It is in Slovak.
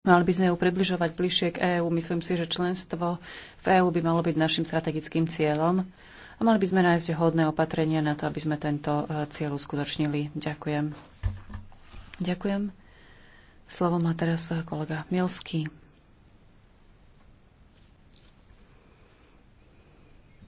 Mali by sme ju približovať bližšie k EÚ. Myslím si, že členstvo v EÚ by malo byť našim strategickým cieľom a mali by sme nájsť hodné opatrenia na to, aby sme tento e, cieľ uskutočnili. Ďakujem. Ďakujem. Slovo má teraz e, kolega Mielský.